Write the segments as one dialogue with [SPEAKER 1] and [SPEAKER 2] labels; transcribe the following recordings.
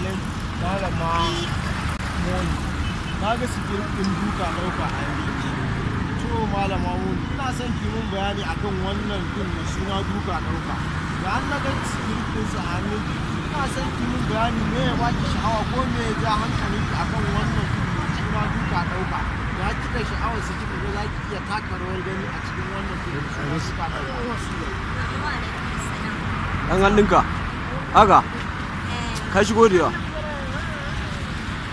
[SPEAKER 1] mutanen ma moni na ga sigirin ɗin duka ɗauka hannu to malama moni ina son ki mun bayani akan wannan ɗin na suna duka ɗauka da an na su sigirin ɗin sa hannu ina son ki mun bayani me ya baki sha'awa ko me ya ja hankali akan wannan ɗin mai suna duka ɗauka da kika sha'awa su kika ga za ki iya taka rawar gani a cikin wannan ɗin mai suna duka ɗauka. Ɗan hannunka, haka. kashi godiya da yawa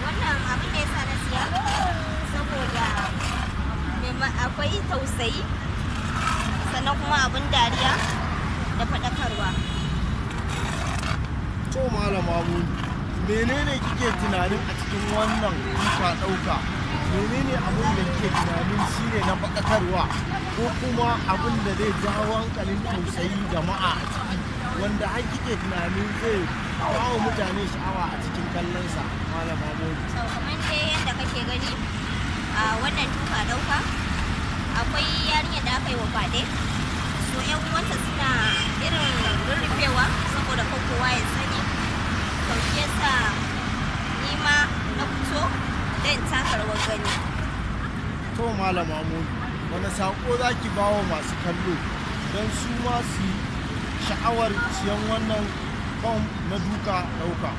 [SPEAKER 2] wannan abin da ya sa na siya saboda akwai tausayi sannan kuma abin dariya da faɗakarwa
[SPEAKER 1] to malama mu menene kike tunanin a cikin wannan kuka ɗauka menene abin da kike tunanin shine na faɗakarwa ko kuma abin da zai jawo hankalin tausayi jama'a a cikin wanda har kike tunanin zai kawo mutane sha'awa a cikin kallonsa malam mahmudu
[SPEAKER 2] kamar dai yadda kake gani a wannan tuka dauka akwai yarinya da aka wa fade so yan uwanta suna irin rurrufewa saboda ko kowa ya sani to shi yasa ni ma na fito dan taka rawar gani
[SPEAKER 1] to malam mahmudu wani sako zaki bawa masu kallo don su ma su sha'awar siyan wannan fom na duka ɗauka